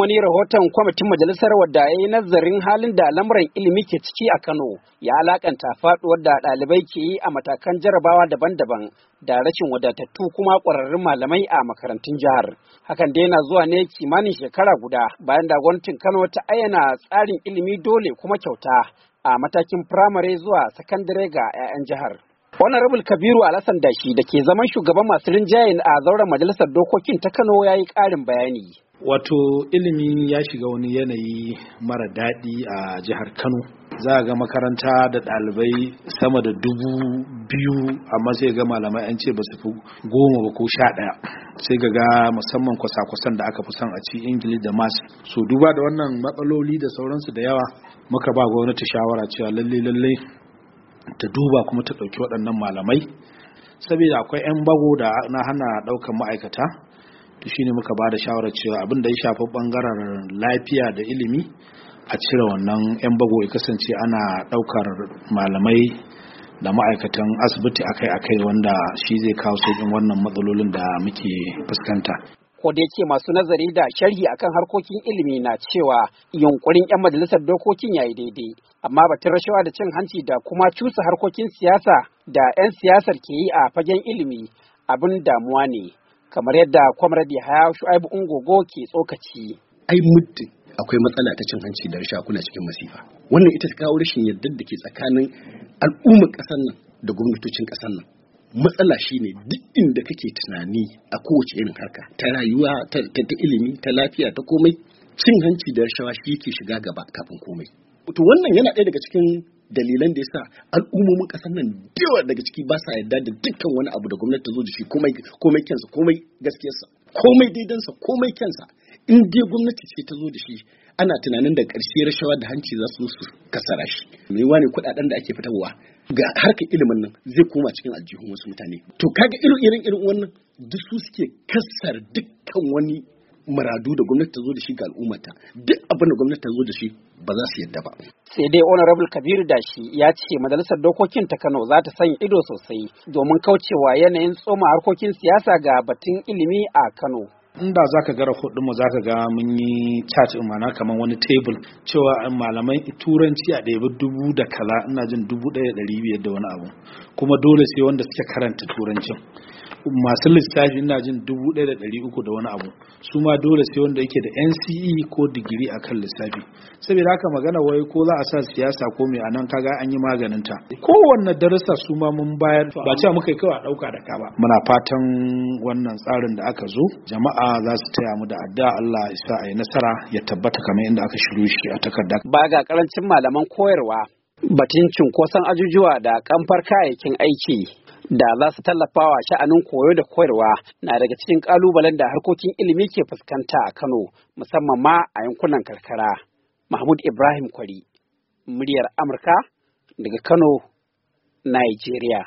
Wani rahoton kwamitin majalisar wadda ya yi nazarin halin da lamuran ilimi ke ciki a Kano ya alakanta faduwar da ɗalibai ke yi a matakan jarabawa daban-daban da rashin wadatattu kuma ƙwararrun malamai a makarantun jihar. Hakan dai yana zuwa ne kimanin shekara guda bayan da gwamnatin Kano ta ayyana tsarin ilimi dole kuma kyauta a matakin firamare zuwa sakandare ga 'ya'yan jihar. Wani rabul Kabiru Alassan Dashi da ke zaman shugaban masu rinjayen a zauren majalisar dokokin ta Kano ya yi ƙarin bayani. wato ilimi ya shiga wani yanayi mara daɗi a jihar kano za a ga makaranta da ɗalibai sama da dubu biyu amma sai ga malamai an ce ba su fi goma ba ko sha ɗaya sai ga ga musamman kwasa-kwasan da aka fi son a ci ingili da mas so duba da wannan matsaloli da sauransu da yawa muka ba gwamnati shawara cewa lalle lalle ta duba kuma ta ɗauki waɗannan malamai saboda akwai 'yan bago da na hana ɗaukar ma'aikata shine muka ba da shawarar cewa abin da ya shafi bangaren lafiya da ilimi a cire wannan 'yan bago ya kasance ana daukar malamai da ma'aikatan asibiti akai-akai wanda shi zai kawo sauƙin wannan matsalolin da muke fuskanta. Ko da yake masu nazari da sharhi akan harkokin ilimi na cewa yunkurin 'yan majalisar dokokin yayi daidai, amma batun rashawa da cin hanci da kuma cusa harkokin siyasa da 'yan siyasar ke yi a fagen ilimi abin damuwa ne. kamar yadda kwamradi haya shu'aibu ungogo ke tsokaci ai muddin akwai matsala ta cin hanci da rashin kuna cikin masifa wannan ita ta kawo rashin yarda da ke tsakanin al'ummar ƙasar nan da gwamnatocin ƙasar nan matsala shine duk inda kake tunani a kowace irin harka ta rayuwa ta ilimi ta lafiya ta komai cin hanci da rashawa shi ke shiga gaba kafin komai to wannan yana ɗaya daga cikin dalilan da yasa al'ummomin kasar nan dewa daga ciki ba sa yarda da dukkan wani abu da gwamnati ta zo da shi komai komai kyansa komai gaskiyarsa komai daidansa komai kyansa in dai gwamnati ce ta zo da shi ana tunanin da ƙarshe rashawa da hanci za su su kasara shi mai wani kuɗaɗen da ake fitarwa ga harkar ilimin nan zai koma cikin aljihun wasu mutane to kaga irin irin irin wannan duk su suke kasar dukkan wani maradu da gwamnati ta zo da shi ga al'ummata duk abin da gwamnati ta zo da shi ba za su yadda ba. sai dai honorable kabir dashi ya ce majalisar dokokin ta kano za ta sanya ido sosai domin kaucewa yanayin tsoma harkokin siyasa ga batun ilimi a kano. inda za ka gara mu za ka ga mun yi chat mana kamar wani tebul cewa malamai turanci a ɗaya dubu da kala ina jin dubu ɗaya ɗari biyar da wani abu kuma dole sai wanda suke karanta turancin masu lissafi ina jin dubu ɗaya da ɗari uku da wani abu su ma dole sai wanda yake da nce ko digiri a kan lissafi saboda haka magana wai ko za a sa siyasa ko mai anan kaga an yi maganin ta? kowanne darasa su ma mun bayar ba cewa muka yi kawai a ɗauka da ka ba muna fatan wannan tsarin da aka zo jama'a jama'a za su taya mu da addu'a Allah ya sa a yi nasara ya tabbata kamar inda aka shiru shi a takarda. Ba ga karancin malaman koyarwa batun cunkoson ajujuwa da kamfar kayayyakin aiki da za su tallafa wa sha'anin koyo da koyarwa na daga cikin kalubalen da harkokin ilimi ke fuskanta a Kano musamman ma a yankunan karkara. Mahmud Ibrahim Kwari, muryar Amurka daga Kano, Nigeria.